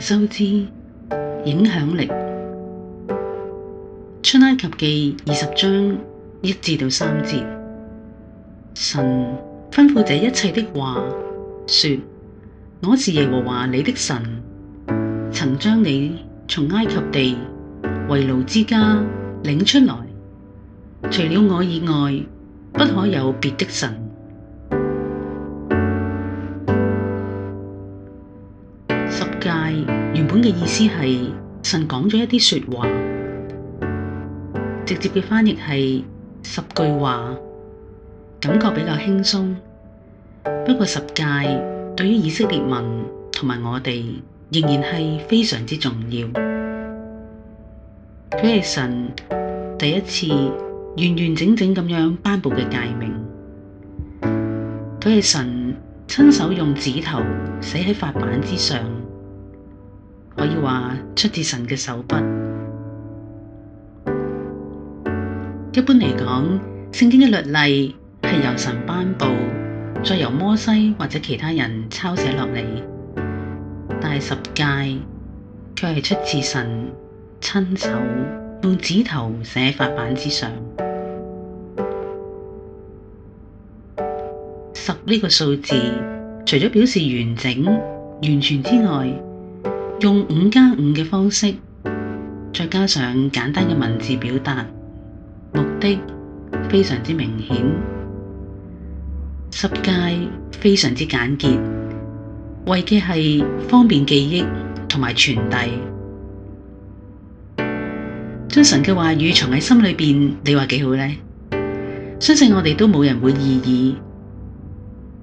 收支影響力。出埃及記二十章一至到三節，神吩咐這一切的話說：我是耶和華你的神，曾將你從埃及地為奴之家領出來。除了我以外，不可有別的神。十誡原本嘅意思係神講咗一啲說話，直接嘅翻譯係十句話，感覺比較輕鬆。不過十誡對於以色列民同埋我哋仍然係非常之重要。佢係神第一次完完整整咁樣頒布嘅誡命，佢係神親手用指頭寫喺法版之上。可以話出自神嘅手筆。一般嚟講，聖經嘅律例係由神頒布，再由摩西或者其他人抄寫落嚟。但係十誡卻係出自神親手用指頭寫喺法版之上。十呢個數字，除咗表示完整、完全之外，用五加五嘅方式，再加上簡單嘅文字表達，目的非常之明顯，十誡非常之簡潔，為嘅係方便記憶同埋傳遞，將神嘅話語藏喺心裏邊，你話幾好呢？相信我哋都冇人會異議。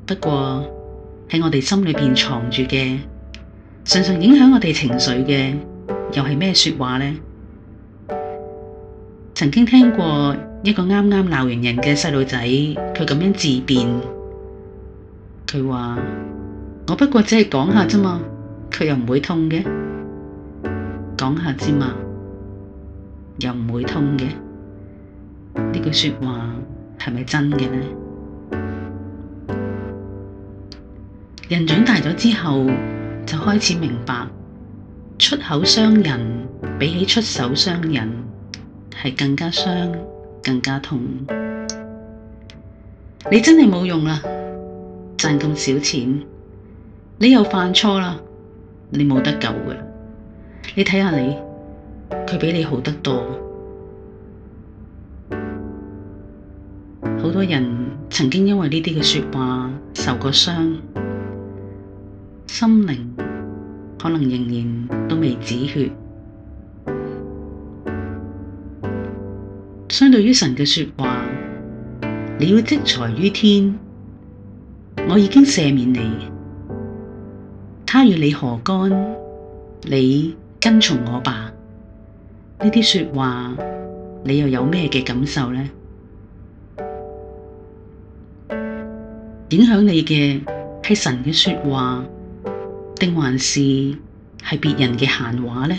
不過喺我哋心裏邊藏住嘅。常常影響我哋情緒嘅，又係咩說話呢？曾經聽過一個啱啱鬧完人嘅細路仔，佢咁樣自辯：佢話我不過只係講下啫嘛，佢，嗯、又唔會痛嘅，講下啫嘛，又唔會痛嘅。呢句說話係咪真嘅呢？人長大咗之後。就開始明白，出口傷人比起出手傷人係更加傷，更加痛。你真係冇用啦，賺咁少錢，你又犯錯啦，你冇得救嘅。你睇下你，佢比你好得多。好多人曾經因為呢啲嘅說話受過傷。心靈可能仍然都未止血。相對於神嘅說話，你要積財於天，我已經赦免你，他與你何干？你跟從我吧。呢啲說話，你又有咩嘅感受呢？影響你嘅係神嘅說話。定還是係別人嘅閒話呢？